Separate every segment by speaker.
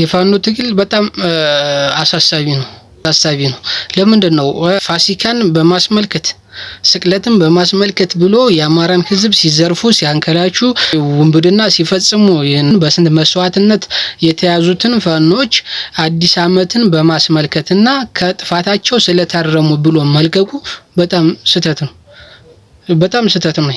Speaker 1: የፋኖ ትግል በጣም አሳሳቢ ነው አሳሳቢ ነው። ለምንድን ነው ፋሲካን በማስመልከት ስቅለትን በማስመልከት ብሎ የአማራን ሕዝብ ሲዘርፉ ሲያንከላቹ፣ ውንብድና ሲፈጽሙ ይህን በስንት መስዋዕትነት የተያዙትን ፋኖች አዲስ ዓመትን በማስመልከትና ከጥፋታቸው ስለታረሙ ብሎ መልቀቁ በጣም ስህተት ነው። በጣም ስህተት ነው።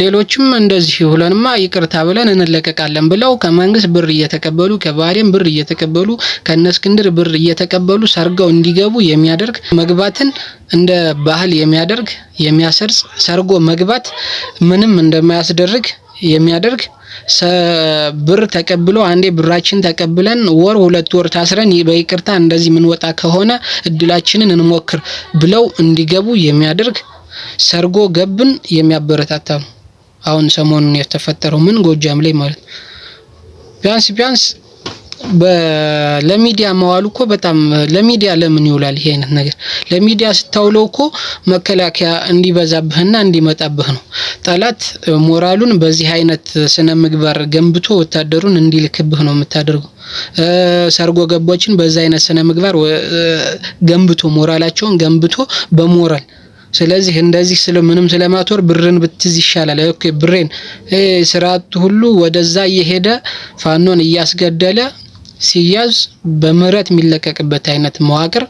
Speaker 1: ሌሎችም እንደዚህ ሁለንማ ይቅርታ ብለን እንለቀቃለን ብለው ከመንግስት ብር እየተቀበሉ ከባሪም ብር እየተቀበሉ ከነስክንድር ብር እየተቀበሉ ሰርገው እንዲገቡ የሚያደርግ መግባትን እንደ ባህል የሚያደርግ የሚያሰርጽ ሰርጎ መግባት ምንም እንደማያስደርግ የሚያደርግ ብር ተቀብሎ አንዴ ብራችን ተቀብለን ወር ሁለት ወር ታስረን በይቅርታ እንደዚህ ምንወጣ ከሆነ እድላችንን እንሞክር ብለው እንዲገቡ የሚያደርግ ሰርጎ ገብን የሚያበረታታ ነው። አሁን ሰሞኑን የተፈጠረው ምን ጎጃም ላይ ማለት ነው። ቢያንስ ቢያንስ ለሚዲያ መዋሉ እኮ በጣም ለሚዲያ ለምን ይውላል? ይሄ አይነት ነገር ለሚዲያ ስታውለው እኮ መከላከያ እንዲበዛብህና እንዲመጣብህ ነው። ጠላት ሞራሉን በዚህ አይነት ስነ ምግባር ገንብቶ ወታደሩን እንዲልክብህ ነው የምታደርገው። ሰርጎ ገቦችን በዚህ አይነት ስነ ምግባር ገንብቶ ሞራላቸውን ገንብቶ በሞራል ስለዚህ እንደዚህ ስለ ምንም ስለማትወር ብርን ብትዝ ይሻላል። ኦኬ ብሬን ስርዓት ሁሉ ወደዛ እየሄደ ፋኖን እያስገደለ ሲያዝ በምህረት የሚለቀቅበት አይነት መዋቅር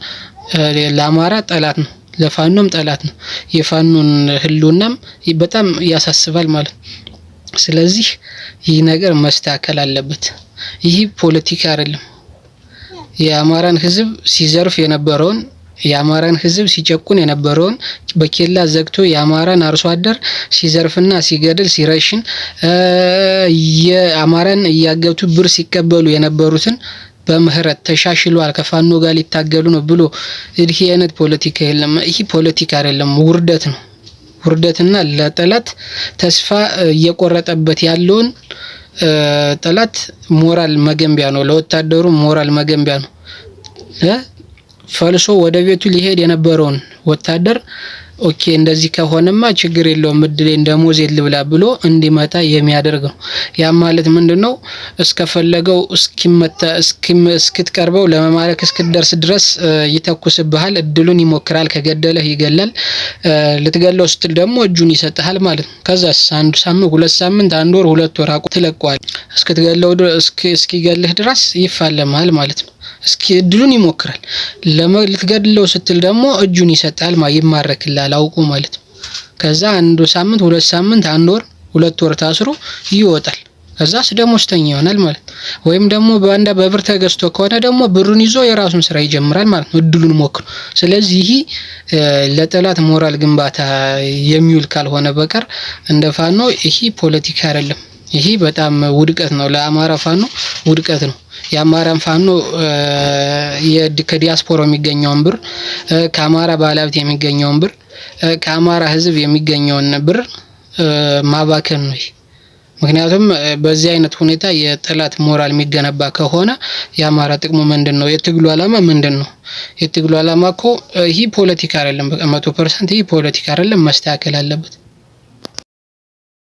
Speaker 1: ለአማራ ጠላት ነው፣ ለፋኖም ጠላት ነው። የፋኖን ህልውናም በጣም ያሳስባል ማለት ነው። ስለዚህ ይህ ነገር መስተካከል አለበት። ይህ ፖለቲካ አይደለም። የአማራን ህዝብ ሲዘርፍ የነበረውን የአማራን ህዝብ ሲጨቁን የነበረውን በኬላ ዘግቶ የአማራን አርሶ አደር ሲዘርፍና ሲገድል ሲረሽን የአማራን እያገቱ ብር ሲቀበሉ የነበሩትን በምህረት ተሻሽሏል፣ ከፋኖ ጋር ሊታገሉ ነው ብሎ ይህ አይነት ፖለቲካ የለም። ይህ ፖለቲካ አይደለም፣ ውርደት ነው። ውርደትና ለጠላት ተስፋ እየቆረጠበት ያለውን ጠላት ሞራል መገንቢያ ነው። ለወታደሩ ሞራል መገንቢያ ነው። ፈልሶ ወደ ቤቱ ሊሄድ የነበረውን ወታደር ኦኬ እንደዚህ ከሆነማ ችግር የለውም እድሌን ደሞዝ ልብላ ብሎ እንዲመጣ የሚያደርግ ነው። ያ ማለት ምንድን ነው? እስከፈለገው እስኪመታ እስክትቀርበው ለመማረክ እስክትደርስ ድረስ ይተኩስብሃል፣ እድሉን ይሞክራል። ከገደለህ ይገላል። ልትገለው ስትል ደግሞ እጁን ይሰጥሃል ማለት ነው። ከዛስ አንዱ ሳምንት፣ ሁለት ሳምንት፣ አንድ ወር፣ ሁለት ወር አቁ ትለቀዋል። እስክትገለው እስኪገልህ ድረስ ይፋለማል ማለት ነው። እስኪ እድሉን ይሞክራል። ልትገድለው ስትል ደግሞ እጁን ይሰጣል፣ ይማረክላል አውቁ ማለት ነው። ከዛ አንድ ሳምንት፣ ሁለት ሳምንት፣ አንድ ወር፣ ሁለት ወር ታስሮ ይወጣል። ከዛስ ስተኛ ይሆናል ማለት ነው። ወይም ደግሞ በአንዳ በብር ተገዝቶ ከሆነ ደግሞ ብሩን ይዞ የራሱን ስራ ይጀምራል ማለት ነው። እድሉን ሞክሩ። ስለዚህ ይህ ለጠላት ሞራል ግንባታ የሚውል ካልሆነ በቀር እንደ ፋኖ ይሄ ፖለቲካ አይደለም። ይሄ በጣም ውድቀት ነው፣ ለአማራ ፋኖ ውድቀት ነው። የአማራን ፋኖ ከዲያስፖራ የሚገኘውን ብር፣ ከአማራ ባለሀብት የሚገኘውን ብር፣ ከአማራ ህዝብ የሚገኘውን ብር ማባከን ነው። ምክንያቱም በዚህ አይነት ሁኔታ የጠላት ሞራል የሚገነባ ከሆነ የአማራ ጥቅሙ ምንድን ነው? የትግሉ ዓላማ ምንድን ነው? የትግሉ አላማ እኮ ይህ ፖለቲካ አይደለም። በቃ መቶ ፐርሰንት ይህ ፖለቲካ አይደለም፣ መስተካከል አለበት።